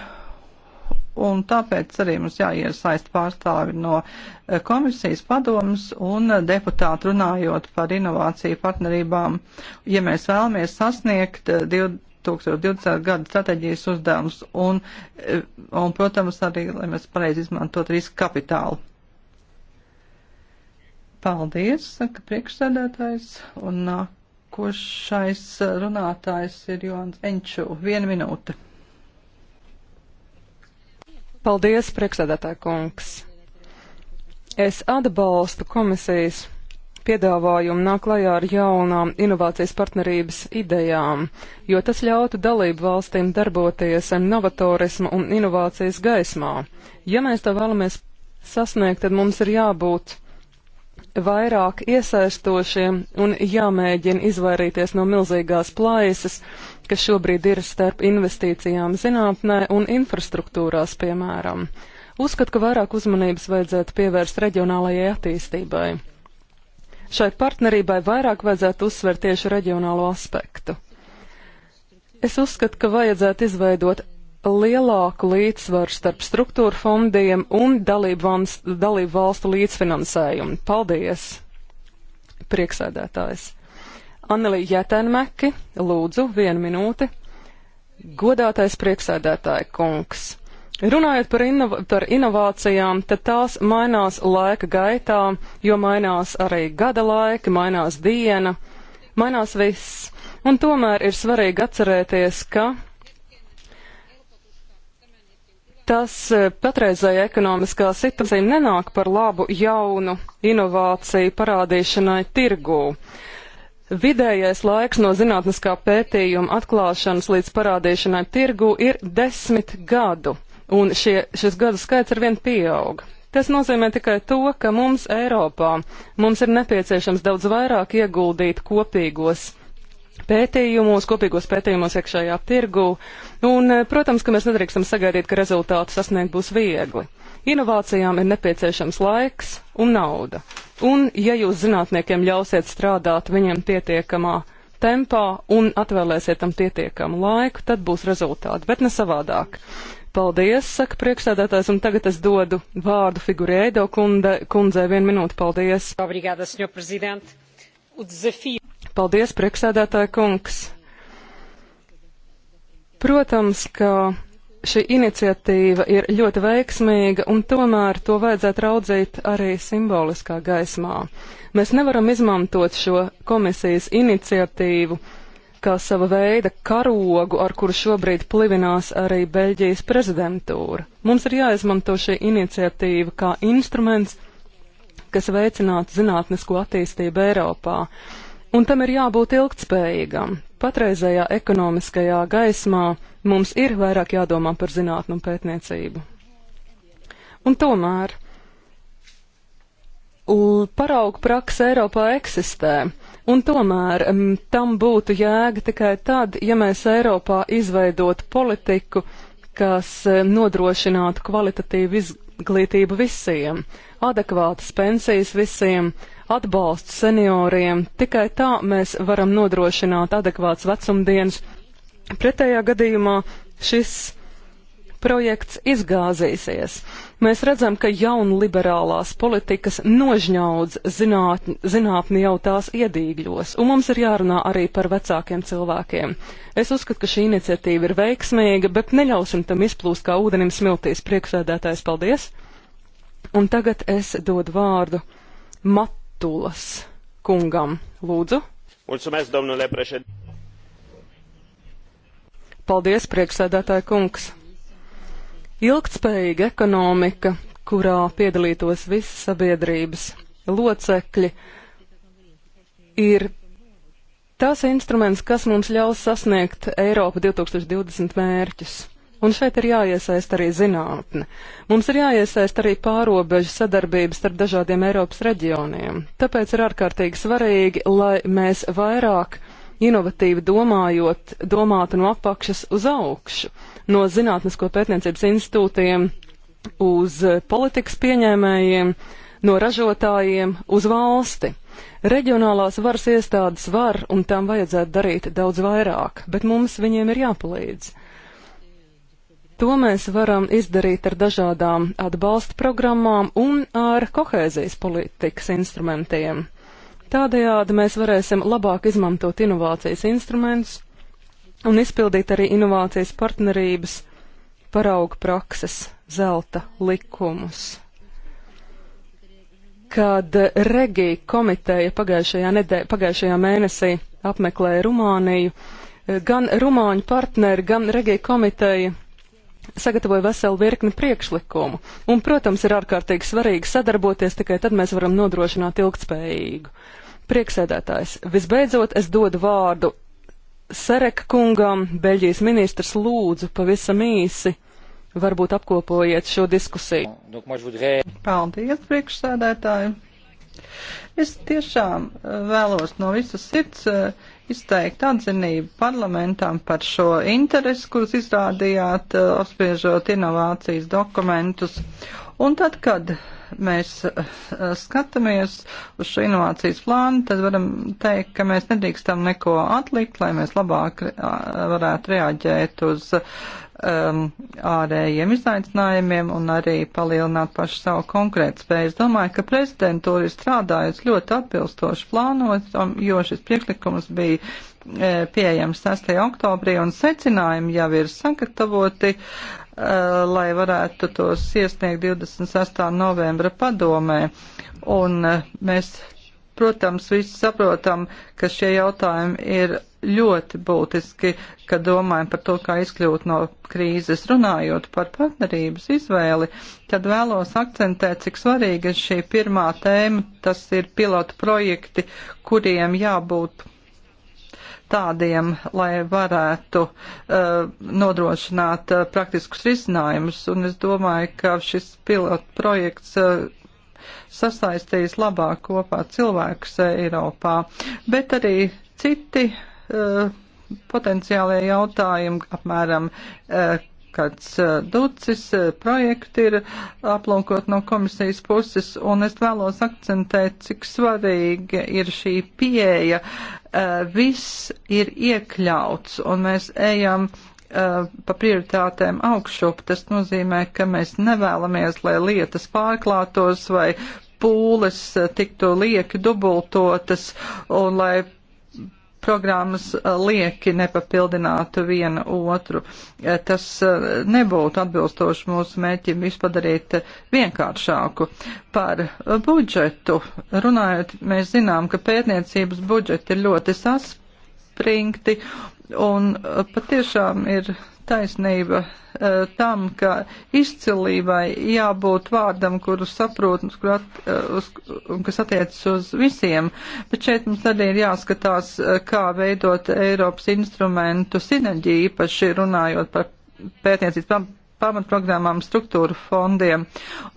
un tāpēc arī mums jāiesaist pārstāvi no eh, komisijas padomas un deputāti runājot par inovāciju partnerībām. Ja mēs vēlamies sasniegt 2020. Eh, gada strateģijas uzdevums un, eh, un, protams, arī, lai mēs pareizi izmantot risku kapitālu. Paldies, saka priekšsēdētājs, un nākošais runātājs ir Joans Enču. Viena minūte. Paldies, priekšsēdētāja kungs. Es atbalstu komisijas piedāvājumu nāk klajā ar jaunām inovācijas partnerības idejām, jo tas ļautu dalību valstīm darboties novatorismu un inovācijas gaismā. Ja mēs to vēlamies sasniegt, tad mums ir jābūt vairāk iesaistošiem un jāmēģina izvairīties no milzīgās plaisas, kas šobrīd ir starp investīcijām zinātnē un infrastruktūrās, piemēram. Uzskatu, ka vairāk uzmanības vajadzētu pievērst reģionālajai attīstībai. Šai partnerībai vairāk vajadzētu uzsvērt tieši reģionālo aspektu. Es uzskatu, ka vajadzētu izveidot lielāku līdzsvaru starp struktūra fondiem un dalību, vans, dalību valstu līdzfinansējumu. Paldies, prieksēdētājs. Annelī Jētēnmeki, lūdzu, vienu minūti. Godātais prieksēdētāja kungs. Runājot par, innov par inovācijām, tad tās mainās laika gaitā, jo mainās arī gada laika, mainās diena, mainās viss. Un tomēr ir svarīgi atcerēties, ka Tas e, patreizēja ekonomiskā situācija nenāk par labu jaunu inovāciju parādīšanai tirgū. Vidējais laiks no zinātniskā pētījuma atklāšanas līdz parādīšanai tirgū ir desmit gadu, un šie, šis gadu skaits ar vien pieaug. Tas nozīmē tikai to, ka mums Eiropā mums ir nepieciešams daudz vairāk ieguldīt kopīgos pētījumos, kopīgos pētījumos iekšējā tirgū, un, eh, protams, ka mēs nedrīkstam sagaidīt, ka rezultātu sasniegt būs viegli. Inovācijām ir nepieciešams laiks un nauda, un, ja jūs zinātniekiem ļausiet strādāt viņiem pietiekamā tempā un atvēlēsiet tam pietiekamu laiku, tad būs rezultāti, bet ne savādāk. Paldies, saka priekšsēdētājs, un tagad es dodu vārdu figurēdo kundzei vienu minūtu. Paldies! Obrigada, Paldies, prieksēdētāja kungs! Protams, ka šī iniciatīva ir ļoti veiksmīga, un tomēr to vajadzētu raudzīt arī simboliskā gaismā. Mēs nevaram izmantot šo komisijas iniciatīvu kā sava veida karogu, ar kuru šobrīd plivinās arī Beļģijas prezidentūra. Mums ir jāizmanto šī iniciatīva kā instruments, kas veicinātu zinātnisko attīstību Eiropā un tam ir jābūt ilgtspējīgam. Patreizējā ekonomiskajā gaismā mums ir vairāk jādomā par zinātnu un pētniecību. Un tomēr paraugu praksa Eiropā eksistē, un tomēr tam būtu jēga tikai tad, ja mēs Eiropā izveidotu politiku, kas e, nodrošinātu kvalitatīvu izglītību visiem, adekvātas pensijas visiem, atbalsts senioriem. Tikai tā mēs varam nodrošināt adekvāts vecumdienas. Pretējā gadījumā šis projekts izgāzīsies. Mēs redzam, ka jaunliberālās politikas nožņaudz zinātni, zinātni jau tās iedīgļos, un mums ir jārunā arī par vecākiem cilvēkiem. Es uzskatu, ka šī iniciatīva ir veiksmīga, bet neļausim tam izplūst kā ūdenim smiltīs priekšsēdētājs. Paldies! Un tagad es dodu vārdu Mat Tulas kungam. Lūdzu. Mulțumesc, domnule președinte. Paldies, priekšsēdētāja kungs. Ilgtspējīga ekonomika, kurā piedalītos visas sabiedrības locekļi, ir tas instruments, kas mums ļaus sasniegt Eiropa 2020 mērķus. Un šeit ir jāiesaist arī zinātne. Mums ir jāiesaist arī pārobežu sadarbības starp dažādiem Eiropas reģioniem. Tāpēc ir ārkārtīgi svarīgi, lai mēs vairāk inovatīvi domājot, domātu no apakšas uz augšu, no zinātnisko pētniecības institūtiem uz politikas pieņēmējiem, no ražotājiem uz valsti. Reģionālās varas iestādes var un tam vajadzētu darīt daudz vairāk, bet mums viņiem ir jāpalīdz. To mēs varam izdarīt ar dažādām atbalsta programmām un ar kohēzijas politikas instrumentiem. Tādējādi mēs varēsim labāk izmantot inovācijas instrumentus un izpildīt arī inovācijas partnerības parauga prakses zelta likumus kad Regija komiteja pagājušajā, nedē, pagājušajā mēnesī apmeklēja Rumāniju, gan Rumāņu partneri, gan Regija komiteja sagatavoja veselu virkni priekšlikumu, un, protams, ir ārkārtīgi svarīgi sadarboties, tikai tad mēs varam nodrošināt ilgtspējīgu. Prieksēdētājs, visbeidzot, es dodu vārdu Sereka kungam, Beļģijas ministrs, lūdzu pavisam īsi, varbūt apkopojiet šo diskusiju. Paldies, priekšsēdētāji! Es tiešām vēlos no visas sirds uh, izteikt atzinību parlamentam par šo interesi, kurus izrādījāt, eh, apspriežot inovācijas dokumentus. Un tad, kad mēs eh, skatāmies uz šo inovācijas plānu, tad varam teikt, ka mēs nedrīkstam neko atlikt, lai mēs labāk eh, varētu reaģēt uz um, ārējiem izaicinājumiem un arī palielināt pašu savu konkrētu spēju. Es domāju, ka prezidentūra ir strādājusi ļoti atbilstoši plānot, um, jo šis priekšlikums bija eh, pieejams 6. oktobrī un secinājumi jau ir sagatavoti. Uh, Eh, lai varētu tos iesniegt 26. novembra padomē. Un eh, mēs, protams, visi saprotam, ka šie jautājumi ir ļoti būtiski, kad domājam par to, kā izkļūt no krīzes. Runājot par partnerības izvēli, tad vēlos akcentēt, cik svarīga ir šī pirmā tēma. Tas ir pilotu projekti, kuriem jābūt tādiem, lai varētu uh, nodrošināt uh, praktiskus risinājumus. Un es domāju, ka šis pilotu projekts uh, sasaistīs labāk kopā cilvēkus Eiropā, bet arī citi uh, potenciālie jautājumi, apmēram uh, kāds uh, ducis uh, projekti ir aplūkot no komisijas puses, un es vēlos akcentēt, cik svarīga ir šī pieeja Eh, viss ir iekļauts un mēs ejam eh, pa prioritātēm augšup. Tas nozīmē, ka mēs nevēlamies, lai lietas pārklātos vai pūles eh, tiktu lieki dubultotas un lai programmas eh, lieki nepapildinātu vienu otru. Eh, tas eh, nebūtu atbilstoši mūsu mēķim izpadarīt vienkāršāku. Par budžetu runājot, mēs zinām, ka pētniecības budžeti ir ļoti saspringti un patiešām ir taisnība uh, tam, ka izcilībai jābūt vārdam, kuru saprot, uz, kur at, eh, uz, kas attiecas uz visiem, bet šeit mums arī ir jāskatās, eh, kā veidot Eiropas instrumentu sinerģiju, īpaši runājot par pētniecības pamatprogrammām, struktūru fondiem.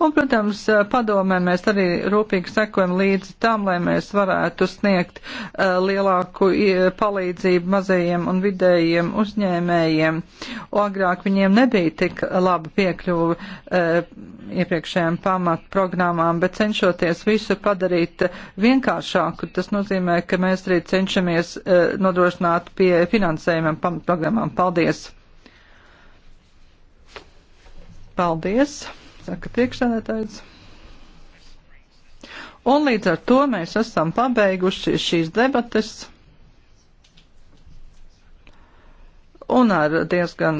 Un, protams, eh, padomē mēs arī rūpīgi sekojam līdzi tam, lai mēs varētu sniegt uh, lielāku uh, palīdzību mazajiem un vidējiem uzņēmējiem. Agrāk viņiem nebija tik laba piekļuva uh, iepriekšējām pamatprogrammām, bet cenšoties visu padarīt vienkāršāku, tas nozīmē, ka mēs arī cenšamies nodrošināt pie finansējumiem pamatprogrammām. Paldies! Paldies, saka priekšsēdētājs. Un līdz ar to mēs esam pabeiguši šīs debates. Un ar diezgan